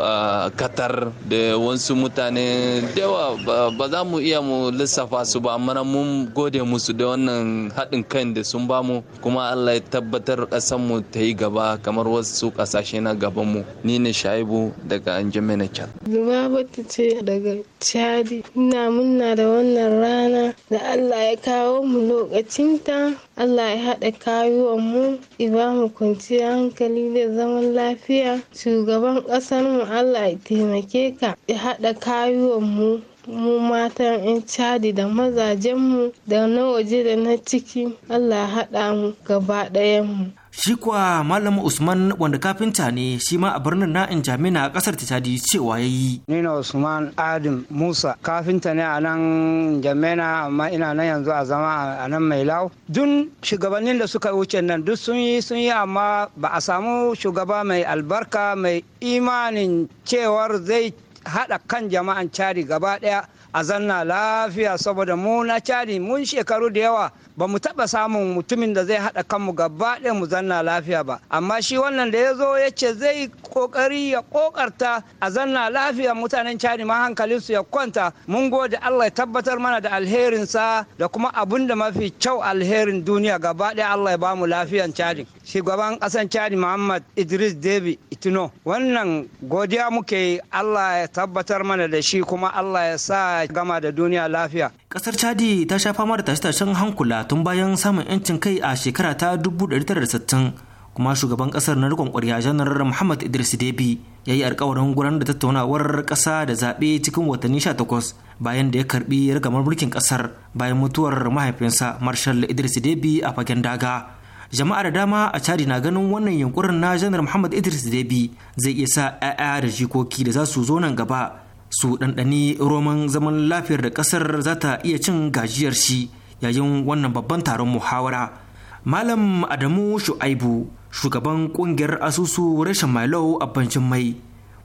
ah, Qatar da wasu mutane yawa ba za mu iya mu lissafa su ba amma mun gode musu da wannan haɗin kan da sun ba mu kuma allah ya tabbatar ƙasar mu ta yi gaba kamar wasu ƙasashe na gaban mu ni ne shaibu daga anjimena can bata ce daga chadi ina munna da wannan rana da allah ya kawo mu ta allah ya haɗa kayuwan mu iba mu kwanciyar hankali da zaman lafiya shugaban ƙasar mu allah ya taimake afirka ya haɗa kayuwanmu mu matan 'yan cadi da mazajenmu da na waje da na ciki allah haɗa mu gaba mu Shi kuwa Malam Usman wanda kafinta ne shi ma a birnin na'in jami'a a kasar Titadi cewa ya yi. Ni na Usman Adam Musa kafinta ne a nan jami'a amma ina nan yanzu a zama a nan mai lau. Dun shugabannin da suka wuce nan duk sun yi sun yi amma ba a samu shugaba mai albarka mai imanin cewar zai haɗa kan jama'an cari gaba ɗaya a zanna lafiya saboda mu na cari mun shekaru da yawa ba mu taɓa samun mutumin da zai haɗa kanmu gaba ɗaya mu zanna lafiya ba amma shi wannan da ya zo ya ce zai kokari ya kokarta a zanna lafiya mutanen cari ma hankalin su ya kwanta mun gode allah ya tabbatar mana da alherinsa da kuma abun da mafi kyau alherin duniya gaba ɗaya allah ya bamu lafiyan cari shugaban ƙasan cari muhammad idris debi itino wannan godiya muke allah ya tabbatar mana da shi kuma allah ya sa gama da duniya lafiya. Kasar Chadi ta sha fama da tashe-tashen hankula tun bayan samun 'yancin kai a shekara ta 1960 kuma shugaban kasar na rikon kwarya janar Muhammad Idris Debi ya yi alkawarin gudanar da tattaunawar kasa da zaɓe cikin watanni 18 bayan da ya karbi rigamar mulkin kasar bayan mutuwar mahaifinsa Marshal Idris Debi a fagen daga. jama'a da dama a chadi na ganin wannan yunkurin na janar muhammad idris debi zai iya sa 'ya'ya da jikoki da za su zo nan gaba su ɗanɗani roman zaman lafiyar da ƙasar za ta iya cin gajiyar shi yayin wannan babban taron muhawara malam adamu shu'aibu shugaban ƙungiyar asusu reshen milo a bancin mai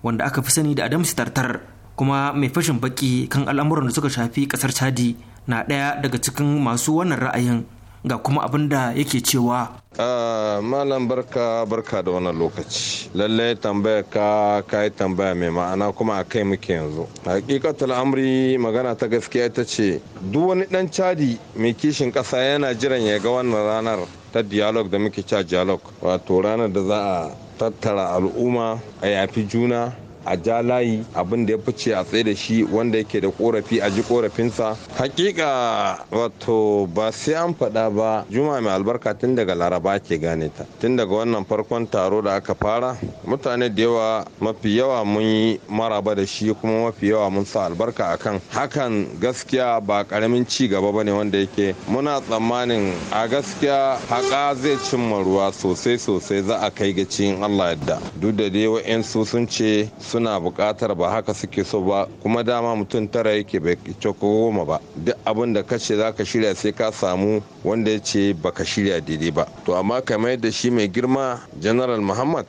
wanda aka fi sani da Adamu Sitartar. kuma mai fashin baki kan al'amuran da suka shafi ƙasar chadi na ɗaya daga cikin masu wannan ra'ayin ga kuma abin da yake cewa ah, malam barka barka da wannan lokaci lallai tambaya ka ka tambaya mai ma'ana kuma a kai muke yanzu hakikatul amri magana ta gaskiya ita ce duk wani dan cadi mai kishin kasa yana jiran ya ga wannan ranar ta dialog da muke cha dialogue wato ranar da za a tattara al'umma a yafi juna a ja layi abin da ya fice a tsaye da shi wanda yake da korafi a ji korafinsa hakika wato ba sai an faɗa ba juma mai albarka tun daga laraba ke gane ta tun daga wannan farkon taro da aka fara mutane da yawa mafi yawa mun yi maraba da shi kuma mafi yawa mun sa albarka akan hakan gaskiya ba karamin ci gaba ne wanda yake muna tsammanin a gaskiya haka zai cimma ruwa sosai sosai za a kai ga cikin allah yadda duk da dai su sun ce suna bukatar ba haka suke so ba kuma dama mutum tara yake bai kice ko goma ba duk abin da ka ce zaka shirya sai ka samu wanda ya ce baka shirya daidai ba to amma kamar yadda shi mai girma general muhammad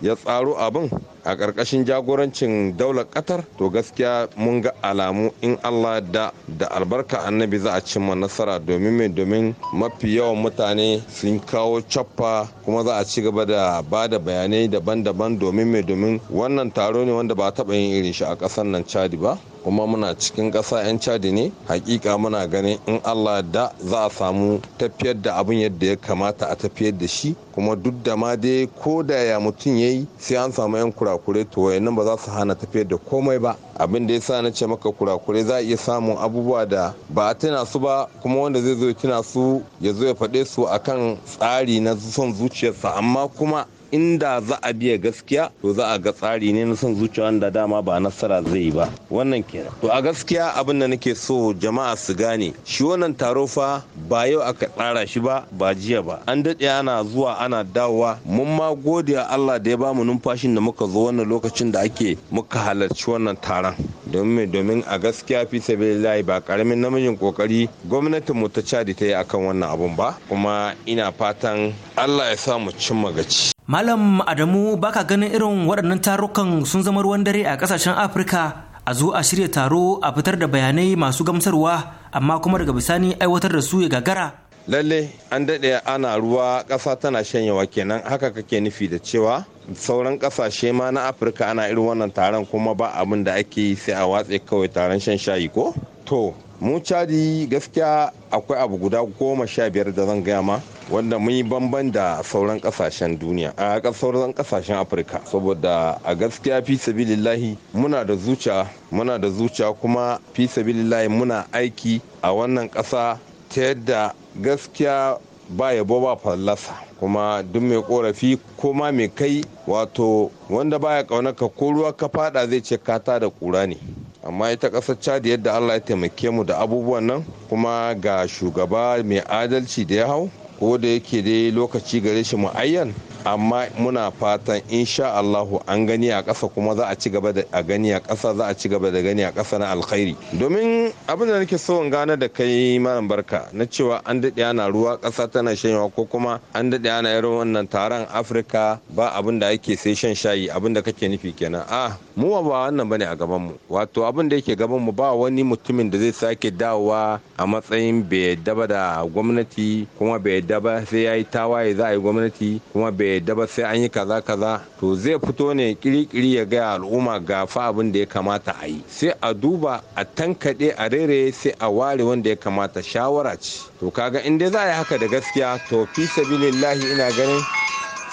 ya tsaro abin a ƙarƙashin jagorancin daular ƙatar to gaskiya mun ga alamu in allah da da albarka annabi za a cimma nasara domin mai domin mafi yawan mutane sun kawo cappa kuma za a ci gaba da ba da bayanai daban-daban domin mai domin wannan taro ne wanda ba a taɓa yin irin shi a ƙasar nan chadi ba kuma muna cikin ƙasa 'yan cadi ne hakika muna ganin in allah da za a samu tafiyar da abin yadda ya kamata a tafiyar da shi kuma duk da ma dai ko da ya mutum ya yi sai an samu 'yan kurakure to nan ba za su hana tafiyar da komai ba abin da ya sa na ce maka kurakure za a iya samun abubuwa da ba a tuna su ba kuma wanda zai zo ya tuna su ya zo ya faɗe su akan tsari na son zuciyarsa amma kuma inda za a biya gaskiya to za a ga tsari ne na son zuciya wanda dama ba nasara zai yi ba wannan kenan to a gaskiya abin da nake so jama'a su gane shi wannan taro fa ba yau aka tsara shi ba ba jiya ba an daɗe ana zuwa ana dawowa mun ma gode Allah da ya ba mu numfashin da muka zo wannan lokacin da ake muka halarci wannan taron domin domin a gaskiya fi sabilillahi ba karamin namijin kokari gwamnatin mu ta cadi ta yi akan wannan abun ba kuma ina fatan Allah ya sa mu cimma gaci Malam Adamu baka ganin irin waɗannan tarukan sun zama ruwan dare a ƙasashen Afirka a zo a shirya taro a fitar da bayanai masu gamsarwa amma kuma daga bisani aiwatar da su ya gagara. Lalle an daɗe ana ruwa ƙasa tana shanyewa kenan haka kake nufi da cewa sauran ƙasashe ma na Afirka ana irin wannan taron kuma ba abin da ake yi sai a watse kawai taron shan shayi ko? To, mu cadi gaskiya akwai abu guda goma sha biyar da zan gaya ma wanda mun yi bamban da sauran kasashen duniya a sauran kasashen afirka saboda a gaskiya fi sabilillahi muna da zuciya muna da zuciya kuma fi sabilillahi muna aiki a wannan ƙasa ta yadda gaskiya ba yabo ba fallasa kuma duk mai korafi koma mai kai wato wanda baya kaunaka ko ruwa ka fada zai ce kata da kura ne amma ita ƙasar chad yadda allah ya taimake mu da abubuwan nan kuma ga shugaba mai adalci da ya hau ko da yake dai lokaci gare shi mu'ayyan amma muna fatan insha Allahu an gani a ƙasa kuma za a ci gaba da a gani a ƙasa za a ci gaba da gani a ƙasa na alkhairi domin abin da nake so in gane da kai malam barka na cewa an daɗe ana ruwa ƙasa tana shanyawa ko kuma an daɗe ana irin wannan taron Afirka ba abin da ake sai shan shayi abin da kake nufi kenan a ah, mu ba wannan bane a gaban mu wato abin da yake gaban mu ba wani mutumin da zai sake dawowa a matsayin bai daba da gwamnati kuma bai daba sai yayi tawaye za a yi gwamnati kuma bai daba sai an yi kaza kaza to zai fito ne kirikiri ya gaya al'umma ga fa abin da ya kamata a yi sai a duba a tankade a rere sai a ware wanda ya kamata shawara ce to kaga in dai za a yi haka da gaskiya to fi sabilillahi ina ganin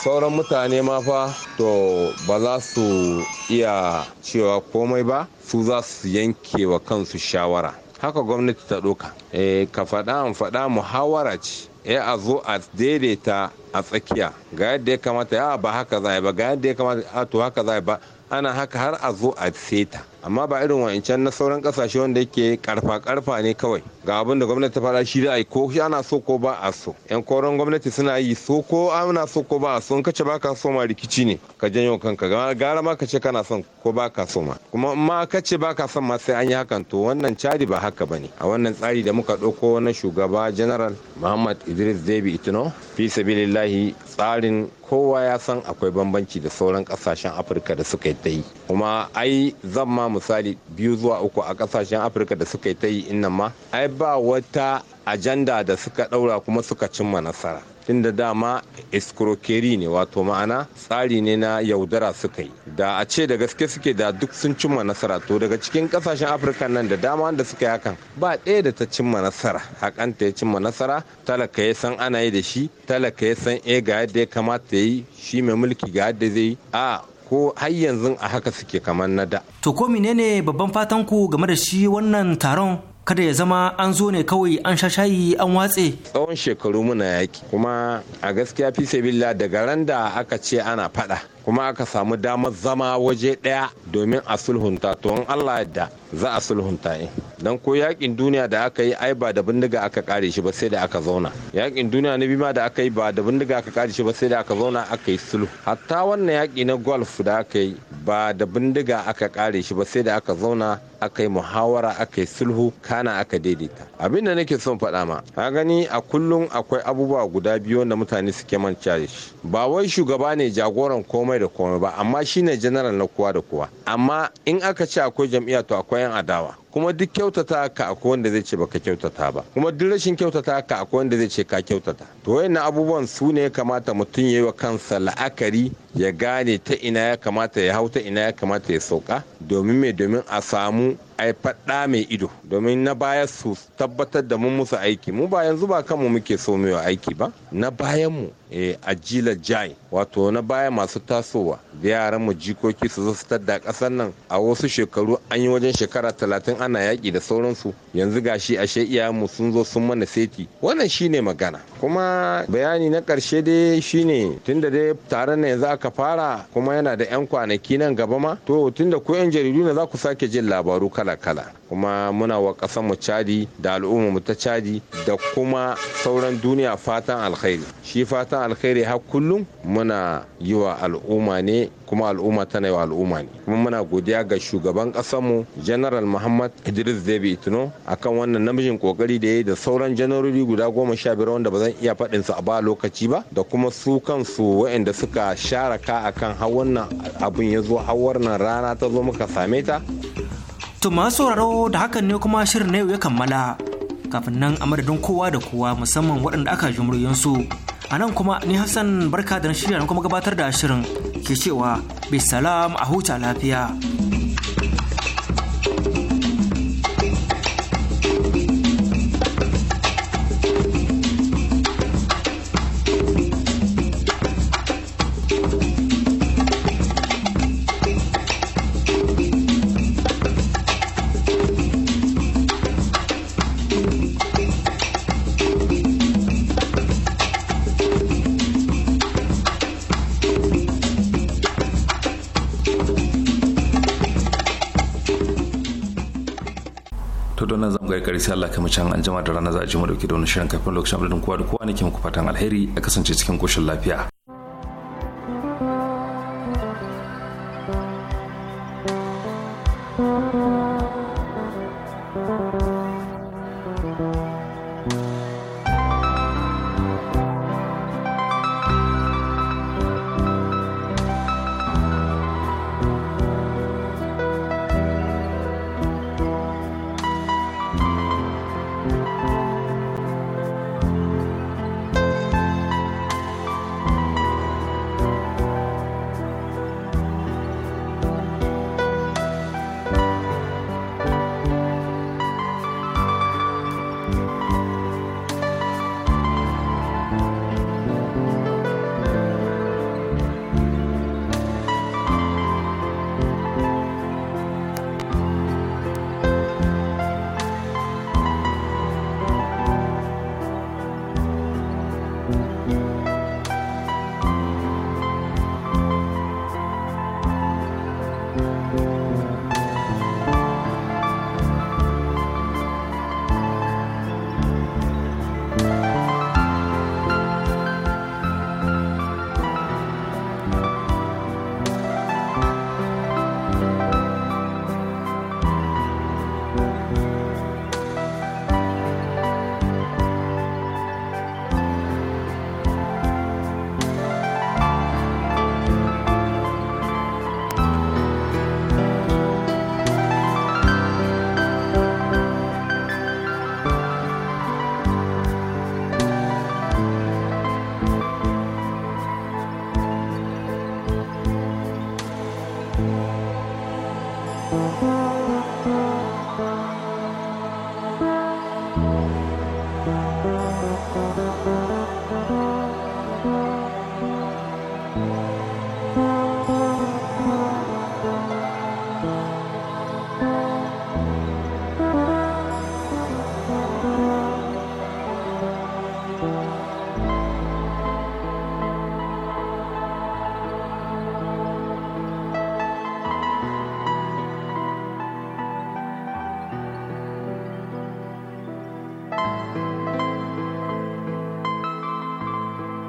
sauran mutane ma fa to ba za su iya cewa komai ba su za su yanke wa kansu shawara haka gwamnati ta ɗauka. Eh, ka faɗa an faɗa muhawara ce ya eh, a zo a daidaita a tsakiya ga yadda ya kamata ya ah, ba haka za ba ga yadda ya kamata a ah, to haka za ba ana haka har a zo a seta amma ba irin wa'ancan na sauran kasashe wanda yake karfa karfa ne kawai ga abin da gwamnati ta fara shi ra'ayi ko ana so ko ba a so yan koron gwamnati suna yi so ko ana so ko ba a so in kace baka so ma rikici ne ka janyo kanka gara ma kace kana son ko baka so ma kuma ka ma kace baka son ma sai an yi hakan to wannan cari ba haka ba ne. a wannan tsari da muka ɗauko na shugaba general Muhammad Idris Debi Itino fi sabilillahi tsarin kowa ya san akwai bambanci da sauran kasashen afirka da suka ta yi kuma ai zan ma misali biyu zuwa uku a kasashen afirka da suka ta yi innan ma ai ba wata ajanda da suka daura kuma suka cimma nasara da dama escroquerie ne wato ma'ana tsari ne na yaudara suka yi da a ce da gaske suke da duk sun cimma nasara to daga cikin kasashen afirka nan da dama wanda suka yi hakan ba ɗaya da ta cimma nasara hakanta ya cimma nasara talaka ya san ana yi da shi talaka ya san e ga yadda ya kamata ya yi shi mai mulki ga yadda zai yi a ko har yanzu a haka suke kamar na da. To ko menene babban fatan ku game da shi wannan taron kada ya zama an zo ne kawai an sha shayi an watse tsawon shekaru muna yaki kuma a gaskiya fi sabilla daga ran da aka ce ana fada kuma aka samu damar zama waje ɗaya domin a sulhunta to in Allah yadda za a sulhunta in dan ko yakin duniya da aka yi ai ba da bindiga aka kare shi ba sai da aka zauna yakin duniya na bima da aka yi ba da bindiga aka kare shi ba sai da aka zauna aka yi sulhu hatta wannan yaki na golf da aka yi ba da bindiga aka kare shi ba sai da aka zauna aka yi muhawara aka yi sulhu kana aka daidaita abin da nake son faɗa ma a gani a kullum akwai abubuwa guda biyu wanda mutane suke manta shi ba wai shugaba ne jagoran komai komai da komai ba amma shine general na kowa da kowa amma in aka ce akwai jam'iyya to akwai yan adawa kuma duk kyautata ka akwai wanda zai ce baka kyautata ba kuma duk rashin kyautata ka akwai wanda zai ce ka kyautata to wayannan abubuwan su ne ya kamata mutum ya yi wa kansa la'akari ya gane ta ina ya kamata ya hau ta ina ya kamata ya sauka domin me domin a samu ai faɗa mai ido domin na baya su tabbatar da mun musu aiki mu ba yanzu ba kanmu muke so mu aiki ba na bayan mu e, eh, ajila jai wato na baya masu tasowa da yaran mu jikoki su zo su tadda ƙasar nan a wasu shekaru an yi wajen shekara talatin ana yaƙi da sauransu yanzu gashi ashe mu sun zo sun mana seti wannan shine magana kuma bayani na ƙarshe dai shine tunda dai taron na yanzu aka fara kuma yana da 'yan kwanaki nan gaba ma to tunda ku 'yan jaridu ne za ku sake jin labaru kala-kala kuma muna wa ƙasar mu cadi da al'umma mu ta cadi da kuma sauran duniya fatan alkhairi shi fatan alkhairi har kullum muna yi wa al'umma ne kuma al'umma tana yi wa al'umma ne kuma muna godiya ga shugaban ƙasar mu general muhammad Muhammad Idris Debi tuno akan wannan namijin kokari da ya yi da sauran janarori guda goma sha biyar wanda ba zan iya faɗin su a ba lokaci ba da kuma su kansu waɗanda suka share ka akan har wannan abin ya zo har wannan rana ta zo muka same ta. To masu sauraro da hakan ne kuma shirin na yau ya kammala kafin nan a madadin kowa da kowa musamman waɗanda aka su. a nan kuma ni hassan barka da shirya kuma gabatar da shirin ke cewa bisalam a huta lafiya. sai Allah kamar can an da rana za a ji mu dauke da wani shirin kafin lokacin abudin kowa da kowa ne ke muku fatan alheri a kasance cikin koshin lafiya